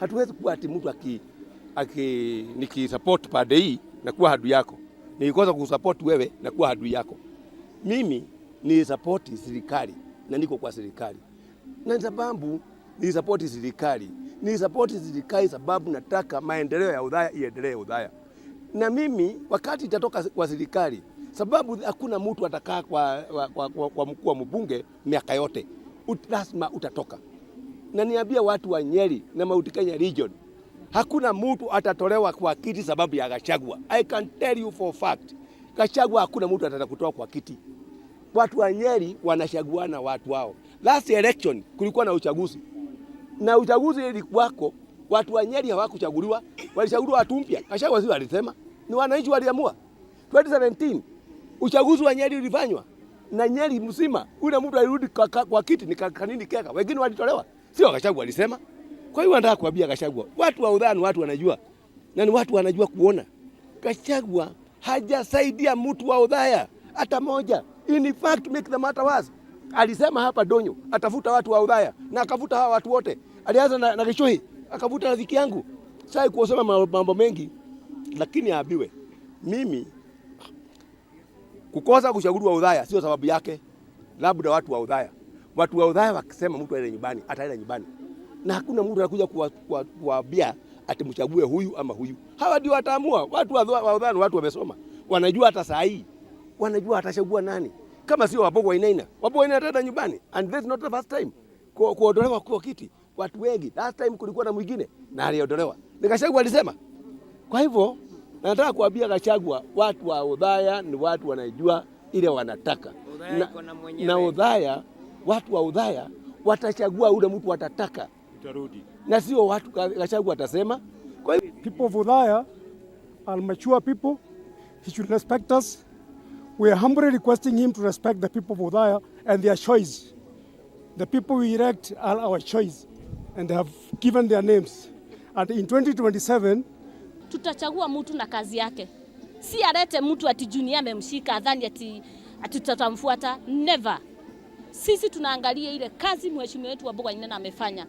Hatuwezi kuwa ati mtu aki, aki nikisupport pande hii na kuwa adui yako, nikikosa kusupport wewe na kuwa adui yako. Mimi ni support serikali na niko kwa serikali, na sababu ni support serikali ni support serikali sababu nataka maendeleo ya Udhaya iendelee Udhaya, na mimi wakati itatoka kwa serikali, sababu hakuna mtu atakaa kwa, kwa, kwa, kwa mkuu wa mbunge miaka yote, lazima utatoka na niambia watu wa Nyeri na Mount Kenya region, hakuna mtu atatolewa kwa kiti sababu ya Gachagua. I can tell you for fact, Gachagua hakuna mtu atataka kutoa kwa kiti. Watu wa Nyeri wanachaguana watu wao. Last election kulikuwa na uchaguzi na uchaguzi ilikuwako, watu wa Nyeri hawakuchaguliwa, walichaguliwa watu mpya. Gachagua sio alisema, ni wananchi waliamua. 2017 uchaguzi wa Nyeri ulifanywa na Nyeri mzima, ule mtu alirudi kwa, kwa kiti ni kanini keka, wengine walitolewa sio Gachagua alisema. Kwa hiyo anataka kuambia Gachagua, watu wa udhani, watu wanajua na ni watu wanajua kuona. Gachagua hajasaidia mtu wa udhaya hata moja. In fact make the matter worse, alisema hapa Donyo atafuta watu wa udhaya na akavuta hawa watu wote. Alianza na, na Kishohi akavuta rafiki yangu sai kuosema mambo mengi, lakini aambiwe mimi kukosa kuchaguliwa udhaya sio sababu yake, labda watu wa udhaya watu wa udhaya wakisema mtu aende nyumbani, ataenda nyumbani, na hakuna mtu anakuja kuwaambia atimchague huyu ama huyu. Hawa ndio wataamua. Watu wa udhaya watu wamesoma, wanajua hata saa hii wanajua atachagua nani, kama sio Wabogo Wainaina. wapo Wainaina ataenda nyumbani, and this not the first time kuondolewa kwa kiti. Watu wengi last time kulikuwa na mwingine na aliondolewa ni Gachagua alisema. Kwa hivyo nataka kuambia Gachagua, watu wa udhaya ni watu wanajua ile wanataka na, na udhaya watu wa udhaya watachagua ule mtu watataka, itarudi, na sio watu kachagua watasema. Kwa hivyo people of Udhaya are mature people, he should respect us. We are humbly requesting him to respect the people of Udhaya and their choice. The people we elect are our choice and they have given their names. And in 2027 tutachagua mtu na kazi yake, si alete mtu ati junior amemshika adhani ati, ati never. Sisi tunaangalia ile kazi mheshimiwa wetu Wabogo Wainaina amefanya.